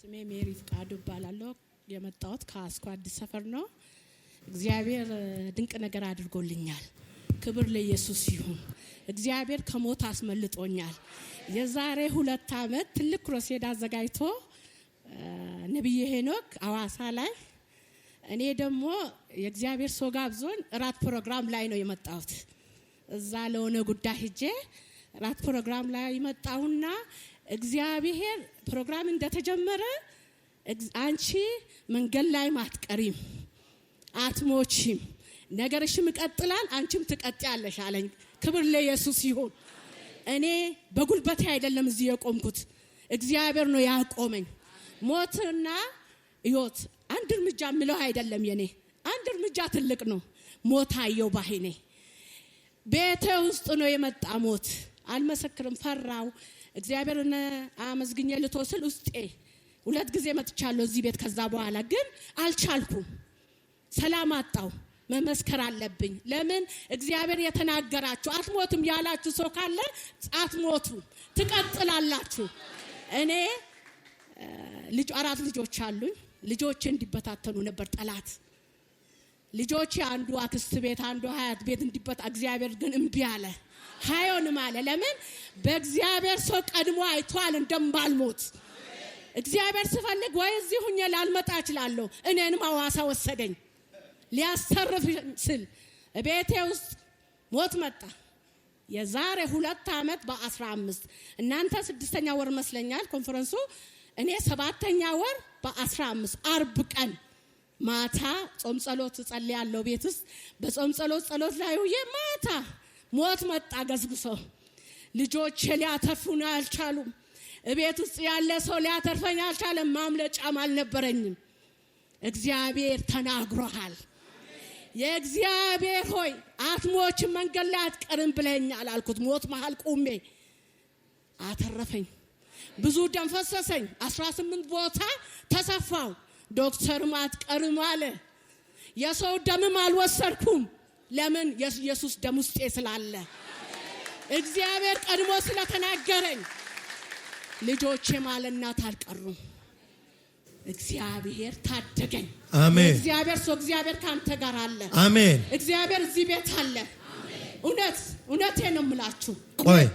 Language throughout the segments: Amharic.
ስሜ ሜሪ ፍቃዱ እባላለሁ። የመጣሁት ከአስኳድ አዲስ ሰፈር ነው። እግዚአብሔር ድንቅ ነገር አድርጎልኛል። ክብር ለኢየሱስ ይሁን። እግዚአብሔር ከሞት አስመልጦኛል። የዛሬ ሁለት ዓመት ትልቅ ክሮሴድ አዘጋጅቶ ነቢይ ሄኖክ አዋሳ ላይ እኔ ደግሞ የእግዚአብሔር ሰው ጋብዞን እራት ፕሮግራም ላይ ነው የመጣሁት። እዛ ለሆነ ጉዳይ ሄጄ እራት ፕሮግራም ላይ መጣሁና እግዚአብሔር ፕሮግራም እንደተጀመረ አንቺ መንገድ ላይም አትቀሪም፣ አትሞችም፣ ነገርሽም እቀጥላል አንቺም ትቀጥያለሽ አለኝ። ክብር ለኢየሱስ ይሁን። እኔ በጉልበቴ አይደለም እዚህ የቆምኩት፣ እግዚአብሔር ነው ያቆመኝ። ሞትና ሕይወት አንድ እርምጃ የምለው አይደለም የኔ፣ አንድ እርምጃ ትልቅ ነው። ሞት አየው ባይኔ ቤቴ ውስጥ ነው የመጣ ሞት። አልመሰክርም፣ ፈራው እግዚአብሔርን አመስግኘ ልትወስል ውስጤ ሁለት ጊዜ መጥቻለሁ እዚህ ቤት። ከዛ በኋላ ግን አልቻልኩም፣ ሰላም አጣው። መመስከር አለብኝ። ለምን እግዚአብሔር የተናገራችሁ አትሞትም ያላችሁ ሰው ካለ አትሞቱ ትቀጥላላችሁ። እኔ ልጅ አራት ልጆች አሉኝ። ልጆች እንዲበታተኑ ነበር ጠላት ልጆች አንዱ አክስት ቤት አንዱ ሀያት ቤት እንዲበት እግዚአብሔር ግን እምቢ አለ። ሀዮንም አለ። ለምን በእግዚአብሔር ሰው ቀድሞ አይቷል እንደማልሞት እግዚአብሔር ስፈልግ ወይ እዚህ ሁኜ ላልመጣ እችላለሁ። እኔንም አዋሳ ወሰደኝ ሊያሰርፍ ስል ቤቴ ውስጥ ሞት መጣ። የዛሬ ሁለት ዓመት በአስራ አምስት እናንተ ስድስተኛ ወር መስለኛል ኮንፈረንሱ እኔ ሰባተኛ ወር በአስራ አምስት አርብ ቀን ማታ ጾም ጸሎት እጸልያለሁ ቤት ውስጥ በጾም ጸሎት ጸሎት ላይ ውዬ ማታ ሞት መጣ ገዝግሶ ልጆቼ ሊያተርፉን አልቻሉም። እቤት ውስጥ ያለ ሰው ሊያተርፈኝ አልቻለም። ማምለጫም አልነበረኝም። እግዚአብሔር ተናግሮሃል። የእግዚአብሔር ሆይ አትሞችን መንገድ ላይ አትቀርም ብለኛል አልኩት። ሞት መሃል ቁሜ አተረፈኝ። ብዙ ደም ፈሰሰኝ። አስራ ስምንት ቦታ ተሰፋው። ዶክተርም አትቀርም አለ። የሰው ደምም አልወሰድኩም። ለምን? የኢየሱስ ደም ውስጤ ስላለ እግዚአብሔር ቀድሞ ስለተናገረኝ ልጆቼ ማለ እናት አልቀሩም። እግዚአብሔር ታደገኝ። አሜን። እግዚአብሔር ሰው እግዚአብሔር ካንተ ጋር አለ። አሜን። እግዚአብሔር እዚህ ቤት አለ። እውነት እውነቴ ነው የምላችሁ። ቆይ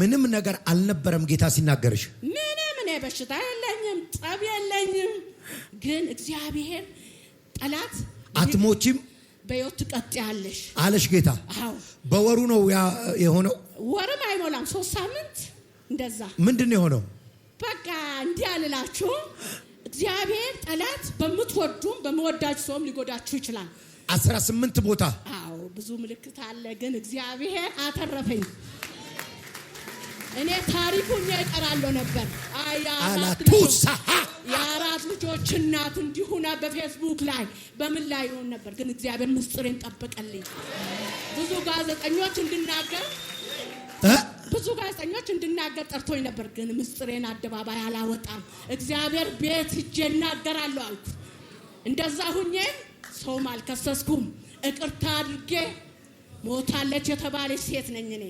ምንም ነገር አልነበረም ጌታ ሲናገርሽ። ምንም እኔ በሽታ የለኝም፣ ጠብ የለኝም ግን እግዚአብሔር ጠላት አትሞችም በሕይወት ትቀጥያለሽ አለሽ ጌታ። በወሩ ነው የሆነው፣ ወርም አይሞላም ሶስት ሳምንት እንደዛ። ምንድን ነው የሆነው? በቃ እንዲህ አልላችሁ እግዚአብሔር ጠላት በምትወዱም በመወዳጅ ሰውም ሊጎዳችሁ ይችላል። አስራ ስምንት ቦታ አዎ፣ ብዙ ምልክት አለ። ግን እግዚአብሔር አተረፈኝ። እኔ ታሪኩ እኛ ይቀራለሁ ነበር አያ ልጆች እናት እንዲሁና በፌስቡክ ላይ በምን ላይ ይሆን ነበር፣ ግን እግዚአብሔር ምስጢሬን ጠበቀልኝ። ብዙ ጋዜጠኞች እንድናገር ብዙ ጋዜጠኞች እንድናገር ጠርቶኝ ነበር፣ ግን ምስጢሬን አደባባይ አላወጣም። እግዚአብሔር ቤት እጄ እናገራለሁ አልኩ። እንደዛ ሁኜ ሰውም አልከሰስኩም፣ እቅርታ አድርጌ ሞታለች የተባለች ሴት ነኝ እኔ።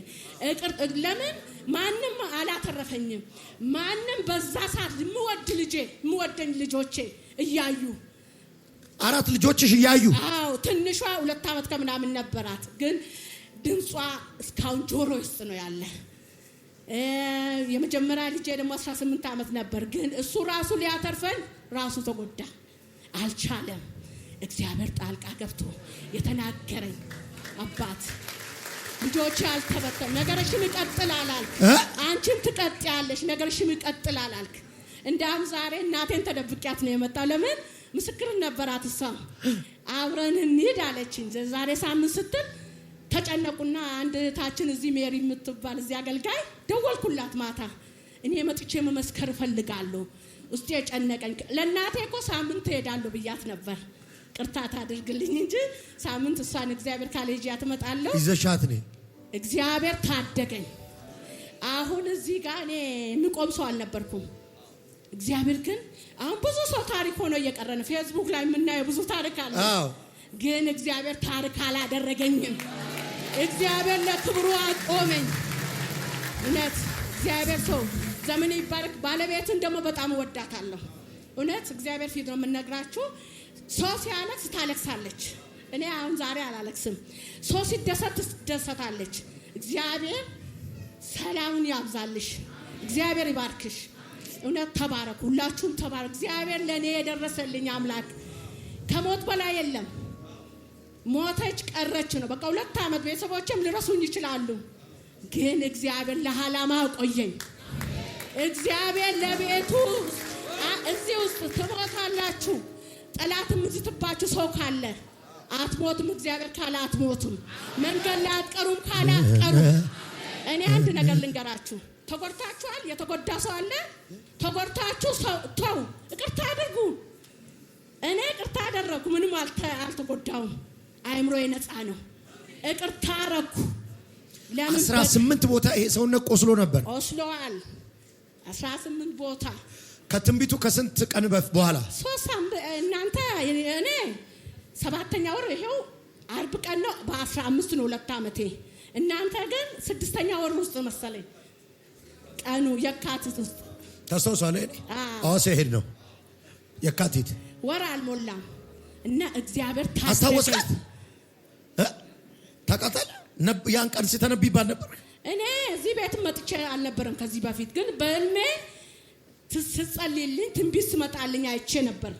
ለምን ማንም አላተረፈኝም? ማንም በዛ ሰዓት የምወድ ልጄ የምወደኝ ልጆቼ እያዩ አራት ልጆችሽ እያዩ አዎ፣ ትንሿ ሁለት ዓመት ከምናምን ነበራት፣ ግን ድምጿ እስካሁን ጆሮ ውስጥ ነው ያለ። የመጀመሪያ ልጄ ደግሞ 18 ዓመት ነበር፣ ግን እሱ ራሱ ሊያተርፈን ራሱ ተጎዳ፣ አልቻለም። እግዚአብሔር ጣልቃ ገብቶ የተናገረኝ አባት ልጆች ያልተበተኑ ነገርሽም ይቀጥላል አልክ። አንቺም ትቀጥያለሽ፣ ነገርሽም ይቀጥላል አልክ። እንዲያውም ዛሬ እናቴን ተደብቂያት ነው የመጣው። ለምን ምስክርን ነበራት እሷ። አብረን እንሂድ አለችኝ። ዛሬ ሳምንት ስትል ተጨነቁና አንድ እህታችን እዚህ ሜሪ የምትባል እዚህ አገልጋይ ደወልኩላት ማታ። እኔ መጥቼ መመስከር እፈልጋለሁ፣ ውስጤ የጨነቀኝ ለእናቴ እኮ ሳምንት እሄዳለሁ ብያት ነበር ቅርታ ታድርግልኝ እንጂ ሳምንት እሷን እግዚአብሔር ካለጅያ ትመጣለሁ ይዘሻት ነ እግዚአብሔር ታደገኝ። አሁን እዚህ ጋር እኔ የሚቆም ሰው አልነበርኩም። እግዚአብሔር ግን አሁን ብዙ ሰው ታሪክ ሆኖ እየቀረ ነው። ፌስቡክ ላይ የምናየው ብዙ ታሪክ አለ። ግን እግዚአብሔር ታሪክ አላደረገኝም። እግዚአብሔር ለክብሩ አቆመኝ። እውነት እግዚአብሔር ሰው ዘመን ይባርክ። ባለቤትን ደግሞ በጣም እወዳታለሁ። እውነት እግዚአብሔር ፊት ነው የምነግራችሁ። ሰው ሲያለቅስ ታለቅሳለች። እኔ አሁን ዛሬ አላለቅስም። ሰው ሲደሰት ትደሰታለች። እግዚአብሔር ሰላምን ያብዛልሽ። እግዚአብሔር ይባርክሽ። እውነት ተባረኩ፣ ሁላችሁም ተባረኩ። እግዚአብሔር ለእኔ የደረሰልኝ አምላክ ከሞት በላይ የለም። ሞተች ቀረች ነው በቃ። ሁለት ዓመት ቤተሰቦችም ሊረሱኝ ይችላሉ፣ ግን እግዚአብሔር ለዓላማ አቆየኝ። እግዚአብሔር ለቤቱ እዚህ ውስጥ ትሞታላችሁ ጠላትም ዝትባችሁ ሰው ካለ አትሞትም እግዚአብሔር ካለ አትሞቱም። መንገድ ላይ አትቀሩም ካለ አትቀሩም። እኔ አንድ ነገር ልንገራችሁ። ተጎድታችኋል። የተጎዳ ሰው አለ። ተጎድታችሁ ተው፣ እቅርታ አድርጉ። እኔ እቅርታ አደረግኩ። ምንም አልተጎዳውም። አእምሮ ነፃ ነው። እቅርታ አረግኩ። አስራ ስምንት ቦታ ይሄ ሰውነት ቆስሎ ነበር፣ ቆስሎዋል። አስራ ስምንት ቦታ ከትንቢቱ ከስንት ቀን በኋላ እናንተ እኔ ሰባተኛ ወር ይሄው አርብ ቀን ነው። በአስራ አምስት ነው ሁለት ዓመቴ። እናንተ ግን ስድስተኛ ወር ውስጥ መሰለኝ ቀኑ የካቲት ውስጥ ተስታውሳለ። ሐዋሳ ይሄድ ነው የካቲት ወር አልሞላም እና እግዚአብሔር ታስታወሳት ታቃታል። ያን ቀን ሲተነብ ይባል ነበር። እኔ እዚህ ቤትም መጥቼ አልነበረም ከዚህ በፊት ግን በህልሜ ስጸልይልኝ ትንቢት ስመጣልኝ አይቼ ነበር።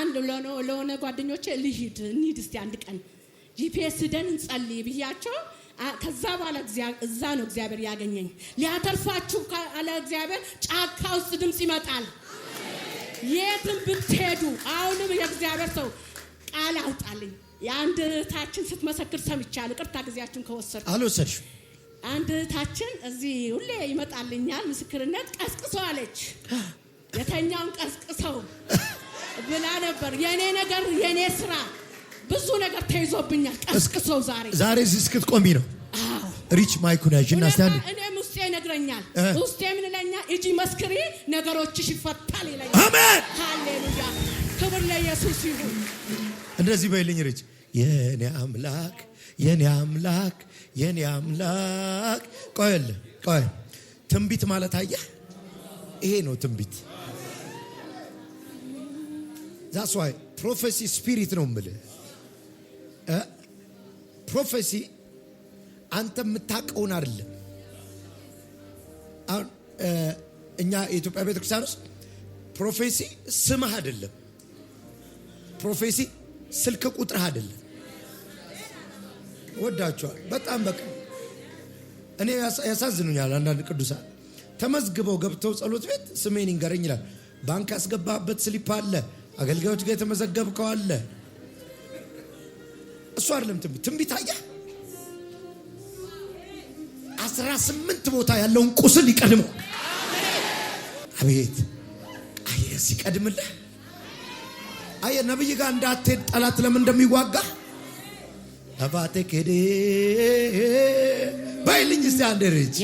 አንድ ለሆነ ጓደኞቼ ልሂድ እንሂድ እስቲ አንድ ቀን ጂፒኤስ ደን እንጸልይ ብያቸው ከዛ በኋላ እዛ ነው እግዚአብሔር ያገኘኝ። ሊያተርፋችሁ ካለ እግዚአብሔር ጫካ ውስጥ ድምፅ ይመጣል። የትም ብትሄዱ አሁንም የእግዚአብሔር ሰው ቃል አውጣልኝ። የአንድ እህታችን ስትመሰክር ሰምቻለሁ። ቅርታ ጊዜያችሁን ከወሰድኩ አልወሰድሽም አንድ እህታችን እዚህ ሁሌ ይመጣልኛል ምስክርነት ቀስቅሶ አለች። የተኛውን ቀስቅሰው ብላ ነበር። የእኔ ነገር የእኔ ስራ ብዙ ነገር ተይዞብኛል። ቀስቅሰው ዛሬ ዛሬ እዚህ እስክትቆሚ ነው። ሪች ማይኩን ያዥ እና ስታንድ እኔም ውስጤ ይነግረኛል። ውስጤ ምን ይለኛል? እጂ መስክሪ፣ ነገሮችሽ ይፈታል ይለኛል። አሜን፣ ሃሌሉያ፣ ክብር ለኢየሱስ ይሁን። እንደዚህ በይልኝ ሪች የእኔ አምላክ የኔ አምላክ የኔ አምላክ። ቆይል ቆይ ትንቢት ማለት አየህ፣ ይሄ ነው ትንቢት። ዛስ ዋይ ፕሮፌሲ ስፒሪት ነው ምል ፕሮፌሲ አንተ የምታቀውን አይደለም። አሁን እኛ የኢትዮጵያ ቤተክርስቲያን ውስጥ ፕሮፌሲ ስምህ አይደለም። ፕሮፌሲ ስልክ ቁጥርህ አይደለም። ወዳቸዋል። በጣም በቃ እኔ ያሳዝኑኛል። አንዳንድ ቅዱሳን ተመዝግበው ገብተው ጸሎት ቤት ስሜን ይንገረኝ ይላል። ባንክ ያስገባበት ስሊፕ አለ፣ አገልጋዮች ጋር የተመዘገብከው አለ። እሱ አይደለም ትንቢት ትንቢት አያ አስራ ስምንት ቦታ ያለውን ቁስል ይቀድመው። አቤት አየ ሲቀድምልህ አየ ነብይ ጋር እንዳትሄድ ጠላት ለምን እንደሚዋጋ ተባትክድ በይልኝ እስቲ አንድ ርጅ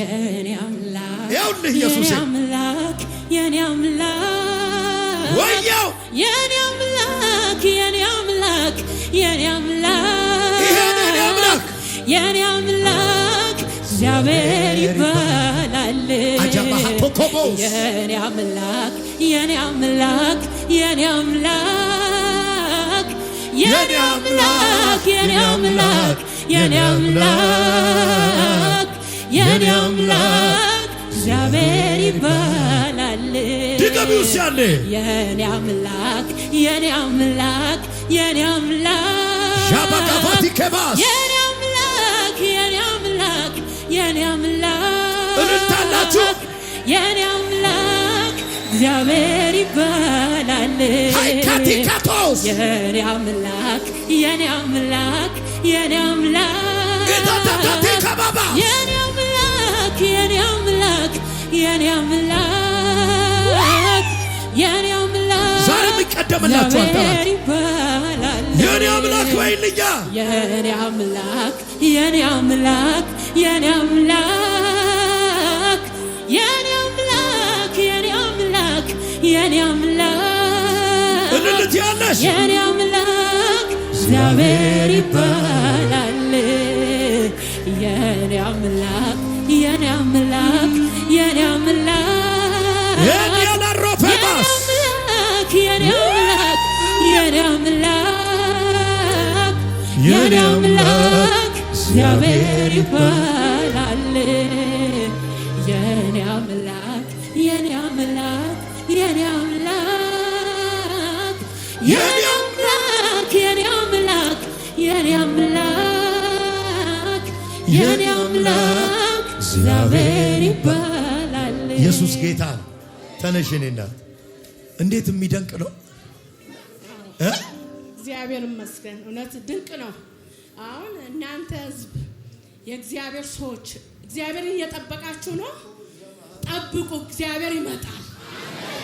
ያውልህ ኢየሱስ የኔ አምላክ ወያው የኔ አምላክ የኔ አምላክ የኔ አምላክ የኔ አምላክ እግዚአብሔር ይባላል። የኔ አምላክ የኔ አምላክ የኔ አምላክ የኔ አምላክ የኔ አምላክ የኔ አምላክ የኔ አምላክ እግዚአብሔር ይባላል። ድገሚው ሲያለ የኔ አምላክ የኔ አምላክ የኔ አምላክ ሻባካፋቲ ከባስ የኔ አምላክ የኔ አምላክ የኔ አምላክ እንታላችሁ የኔ እግዚአብሔር ይባላል። የኔ አምላክ የኔ አምላክ የኔ አምላክ የኔ አምላክ የኔ አምላክ የኔ አምላክ የኔ አምላክ ዛሬ የሚቀደምላቸው አምላክ የኔ አምላክ የኔ አምላክ የኔ አምላክ የኔ አምላክ እልልት የኔ አምላክ እግዚአብሔር ይባላል። የኔ አምላክ የኔ አምላክ የኔ አምላክ የኔ አምላክ እግዚአብሔር ይባላል። የኔ አምላክ የኔ አምላክ የኔ አምላክ የኔ አምላክ የኔ አምላክ የኔ አምላክ የኔ አምላክ እግዚአብሔር ይባላል። ኢየሱስ ጌታ ተነሽ የኔ እናት። እንዴት የሚደንቅ ነው! እግዚአብሔር ይመስገን። እውነት ድንቅ ነው። አሁን እናንተ ህዝብ የእግዚአብሔር ሰዎች እግዚአብሔርን እየጠበቃችሁ ነው። ጠብቁ፣ እግዚአብሔር ይመጣል።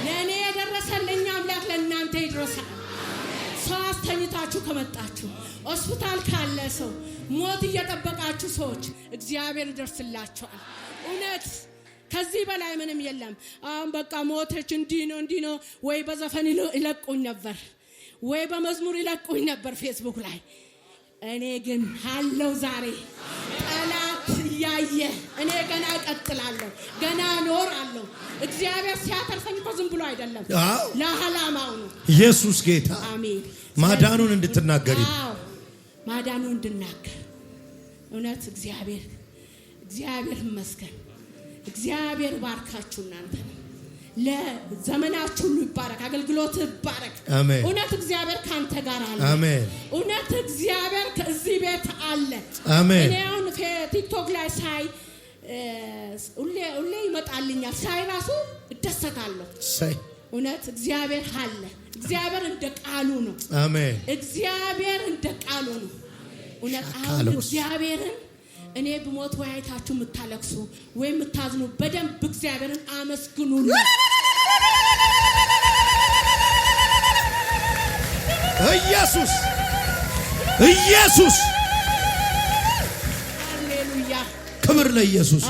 ለእኔ የደረሰልኝ አምላክ ለእናንተ ይድረሳል። ሰው አስተኝታችሁ ከመጣችሁ ሆስፒታል ካለ ሰው ሞት እየጠበቃችሁ ሰዎች እግዚአብሔር ይደርስላቸዋል። እውነት ከዚህ በላይ ምንም የለም። አሁን በቃ ሞተች እንዲህ ነው እንዲህ ነው ወይ በዘፈን ይለቁኝ ነበር ወይ በመዝሙር ይለቁኝ ነበር ፌስቡክ ላይ። እኔ ግን አለው ዛሬ እያየ እኔ ገና እቀጥላለሁ፣ ገና እኖራለሁ። እግዚአብሔር ሲያተርፈኝ እኮ ዝም ብሎ አይደለም፣ ለዓላማው ነው። ኢየሱስ ጌታ አሜን። ማዳኑን እንድትናገሪ ማዳኑን እንድናገር እውነት እግዚአብሔር እግዚአብሔር ይመስገን። እግዚአብሔር ባርካችሁ እናንተ ለዘመናችሁ ሁሉ ይባረክ። አገልግሎት ይባረክ። እውነት እግዚአብሔር ካንተ ጋር አለ። እውነት እግዚአብሔር ከዚህ ቤት አለ። እኔ አሁን ቲክቶክ ላይ ሳይ ሁሌ ይመጣልኛል። ሳይ ራሱ እደሰታለሁ። እውነት እግዚአብሔር አለ። እግዚአብሔር እንደ ቃሉ ነው። እግዚአብሔር እንደ ቃሉ ነው። እውነት አሁን እግዚአብሔርን እኔ ብሞት ወያይታችሁ የምታለቅሱ ወይም የምታዝኑ በደንብ እግዚአብሔርን አመስግኑልኝ። ኢየሱስ ኢየሱስ ክብር ለኢየሱስ።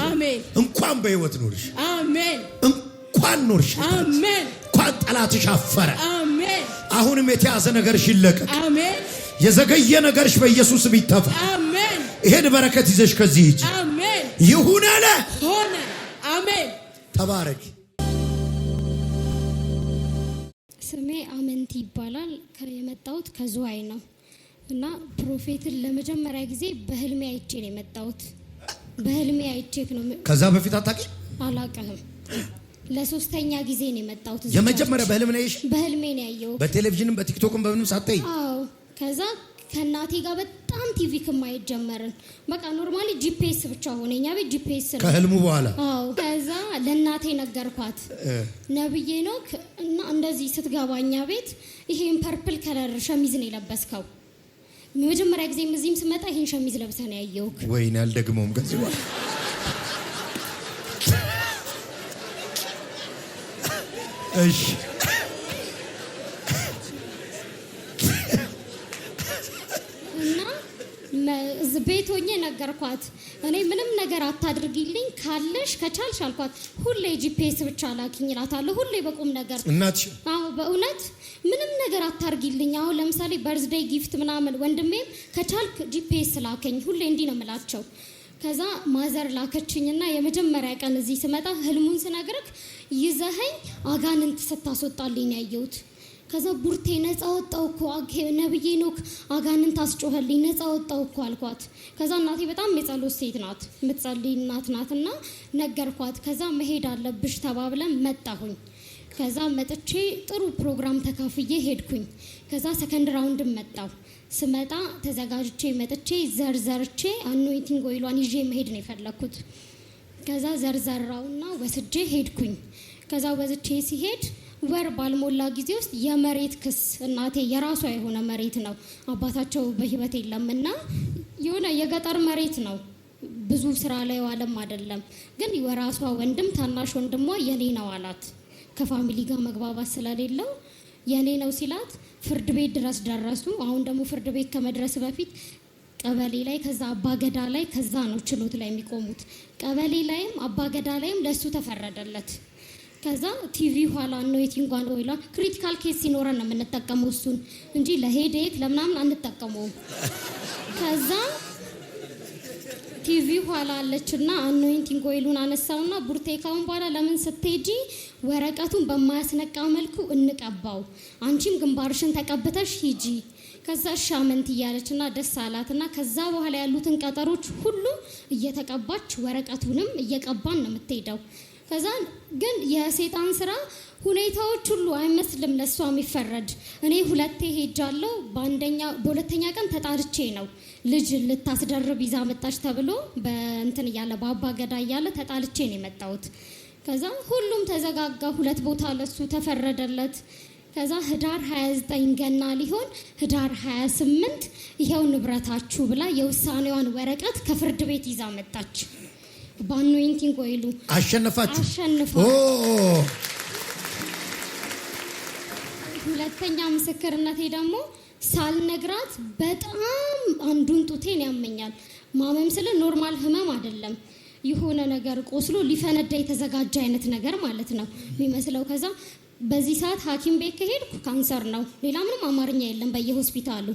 እንኳን በህይወት ኖርሽ፣ እንኳን ኖርሽ፣ እንኳን ጠላትሽ አፈረ። አሁንም የተያዘ ነገርሽ ይለቀቅ፣ የዘገየ ነገርሽ በኢየሱስ ይተፋ። ይሄን በረከት ይዘሽ ከዚህ ሂጂ። ይሁን አለ ሆነ። አሜን። ተባረኪ። ስሜ አመንቲ ይባላል። የመጣሁት ከዝዋይ ነው እና ፕሮፌትን ለመጀመሪያ ጊዜ በህልሜ አይቼ ነው የመጣሁት። በህልሜ አይቼ ነው። ከዛ በፊት አታቂ አላቀህም። ለሶስተኛ ጊዜ ነው የመጣሁት። የመጀመሪያ በህልም ነው በህልሜ ነው ያየሁት። በቴሌቪዥንም በቲክቶክም በምንም ሳታይ? ከዛ ከእናቴ ጋር በጣም ቲቪ ከማየት ጀመርን። በቃ ኖርማሊ ጂፒኤስ ብቻ ሆነ። እኛ ቤት ጂፒኤስ ነው ከህልሙ በኋላ። አዎ፣ ከዛ ለእናቴ ነገርኳት። ነብዬ ነው እና እንደዚህ ስትገባ እኛ ቤት ይሄን ፐርፕል ከለር ሸሚዝ ነው የለበስከው። መጀመሪያ ጊዜ እዚህም ስመጣ ይሄን ሸሚዝ ለብሰን ያየውክ። ወይኔ አልደግመውም። ከዚህ በኋላ እሺ ቤት ሆኜ ነገርኳት። እኔ ምንም ነገር አታድርጊልኝ ካለሽ ከቻልሽ አልኳት። ሁሌ ጂፒኤስ ብቻ ላኪኝ እላታለሁ። ሁሌ በቁም ነገር እናትሽ። አዎ በእውነት ምንም ነገር አታርጊልኝ። አሁን ለምሳሌ በርዝዴይ ጊፍት ምናምን ወንድሜም ከቻልክ ጂፒኤስ ላከኝ። ሁሌ እንዲህ ነው የምላቸው። ከዛ ማዘር ላከችኝና የመጀመሪያ ቀን እዚህ ስመጣ ህልሙን ስነግርክ ይዘኸኝ አጋንንት ስታስወጣልኝ ያየሁት ከዛ ቡርቴ ነፃ ወጣው እኮ ነብዬ ኖክ አጋንን አስጮኸልኝ ነፃ ወጣው እኮ አልኳት። ከዛ እናቴ በጣም የጸሎት ሴት ናት፣ የምትጸልይ እናት ናትና ነገርኳት። ከዛ መሄድ አለብሽ ተባብለን መጣሁኝ። ከዛ መጥቼ ጥሩ ፕሮግራም ተካፍዬ ሄድኩኝ። ከዛ ሰከንድ ራውንድን መጣሁ። ስመጣ ተዘጋጅቼ መጥቼ ዘርዘርቼ አኖይቲንግ ኦይሏን ይዤ መሄድ ነው የፈለግኩት። ከዛ ዘርዘራውና ወስጄ ሄድኩኝ። ከዛ ወዝቼ ሲሄድ ወር ባልሞላ ጊዜ ውስጥ የመሬት ክስ እናቴ የራሷ የሆነ መሬት ነው። አባታቸው በህይወት የለም እና የሆነ የገጠር መሬት ነው። ብዙ ስራ ላይ ዋለም አይደለም። ግን የራሷ ወንድም ታናሽ ወንድሟ የኔ ነው አላት። ከፋሚሊ ጋር መግባባት ስለሌለው የኔ ነው ሲላት ፍርድ ቤት ድረስ ደረሱ። አሁን ደግሞ ፍርድ ቤት ከመድረስ በፊት ቀበሌ ላይ ከዛ አባገዳ ላይ ከዛ ነው ችሎት ላይ የሚቆሙት። ቀበሌ ላይም አባገዳ ላይም ለሱ ተፈረደለት። ከዛ ቲቪ ኋላ ነው የቲንጓን ኦይሏ ክሪቲካል ኬስ ሲኖረን ነው የምንጠቀመው እሱን እንጂ ለሄዴክ ለምናምን አንጠቀመውም። ከዛ ቲቪ ኋላ አለችና አኖይንቲንግ ኦይሉን አነሳውና ቡርቴ ካሁን በኋላ ለምን ስትሄጂ ወረቀቱን በማያስነቃ መልኩ እንቀባው፣ አንቺም ግንባርሽን ተቀብተሽ ሂጂ። ከዛ ሻመንት አመንት እያለችና ደስ አላትና ከዛ በኋላ ያሉትን ቀጠሮች ሁሉ እየተቀባች ወረቀቱንም እየቀባን ነው የምትሄደው። ከዛ ግን የሴጣን ስራ ሁኔታዎች ሁሉ አይመስልም ለእሷ የሚፈረድ። እኔ ሁለቴ ሄጃለሁ። በአንደኛ በሁለተኛ ቀን ተጣርቼ ነው ልጅ ልታስደርብ ይዛ መጣች ተብሎ በእንትን እያለ በአባ ገዳ እያለ ተጣልቼ ነው የመጣሁት። ከዛ ሁሉም ተዘጋጋ። ሁለት ቦታ ለሱ ተፈረደለት። ከዛ ህዳር 29 ገና ሊሆን ህዳር 28 ይኸው ንብረታችሁ ብላ የውሳኔዋን ወረቀት ከፍርድ ቤት ይዛ መጣች። በአኖይንቲንግ ወይሉ አሸነፋችሁ። ሁለተኛ ምስክርነቴ ደግሞ ሳልነግራት በጣም አንዱን ጡቴን ያመኛል። ማመም ስለ ኖርማል ህመም አይደለም፣ የሆነ ነገር ቆስሎ ሊፈነዳ የተዘጋጀ አይነት ነገር ማለት ነው የሚመስለው። ከዛ በዚህ ሰዓት ሐኪም ቤት ከሄድኩ ካንሰር ነው፣ ሌላ ምንም አማርኛ የለም በየሆስፒታሉ።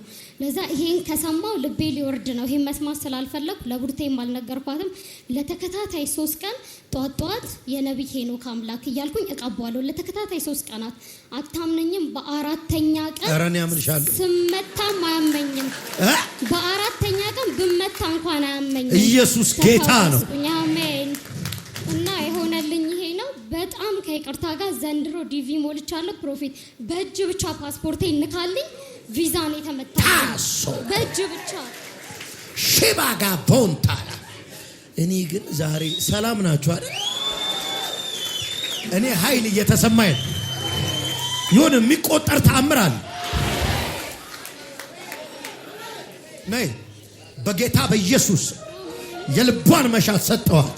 ለዛ ይሄን ከሰማው ልቤ ሊወርድ ነው። ይሄን መስማት ስላልፈለግኩ ለቡርቴም አልነገርኳትም። ለተከታታይ ሶስት ቀን ጧት ጧት የነቢይ ሄኖክ አምላክ እያልኩኝ እቀቧለሁ። ለተከታታይ ሶስት ቀናት አታምነኝም። በአራተኛ ቀን ስመታም አያመኝም። በአራተኛ ቀን ብመታ እንኳን አያመኝም። ኢየሱስ ጌታ ነው እና የሆነልኝ በጣም ከይቅርታ ጋር ዘንድሮ ዲቪ ሞልቻለሁ። ፕሮፌት በእጅ ብቻ ፓስፖርቴ እንካልኝ ቪዛን የተመታ በእጅ ብቻ ሽባ ጋር ቦንታላ። እኔ ግን ዛሬ ሰላም ናችሁ እኔ ኃይል እየተሰማኝ ይሁን የሚቆጠር ተአምር አለ። ነይ በጌታ በኢየሱስ የልቧን መሻት ሰጠዋት።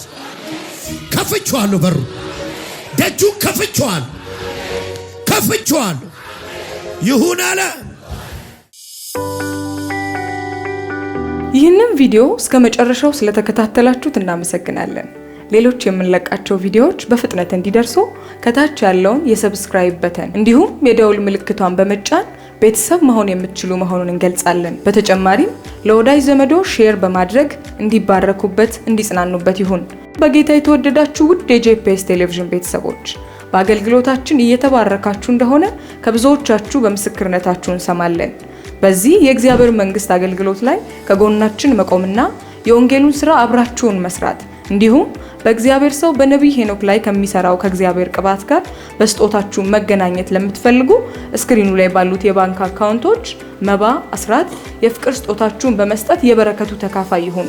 ከፍቼዋለሁ በሩ ደጁ ከፍቼዋለሁ፣ ከፍቼዋለሁ። ይሁን አለ። ይህንም ቪዲዮ እስከ መጨረሻው ስለተከታተላችሁት እናመሰግናለን። ሌሎች የምንለቃቸው ቪዲዮዎች በፍጥነት እንዲደርሱ ከታች ያለውን የሰብስክራይብ በተን እንዲሁም የደውል ምልክቷን በመጫን ቤተሰብ መሆን የምትችሉ መሆኑን እንገልጻለን። በተጨማሪም ለወዳጅ ዘመዶ ሼር በማድረግ እንዲባረኩበት፣ እንዲጽናኑበት ይሁን። በጌታ የተወደዳችሁ ውድ የጄፒኤስ ቴሌቪዥን ቤተሰቦች በአገልግሎታችን እየተባረካችሁ እንደሆነ ከብዙዎቻችሁ በምስክርነታችሁ እንሰማለን። በዚህ የእግዚአብሔር መንግስት አገልግሎት ላይ ከጎናችን መቆምና የወንጌሉን ስራ አብራችሁን መስራት እንዲሁም በእግዚአብሔር ሰው በነቢይ ሄኖክ ላይ ከሚሰራው ከእግዚአብሔር ቅባት ጋር በስጦታችሁ መገናኘት ለምትፈልጉ እስክሪኑ ላይ ባሉት የባንክ አካውንቶች መባ፣ አስራት፣ የፍቅር ስጦታችሁን በመስጠት የበረከቱ ተካፋይ ይሁኑ።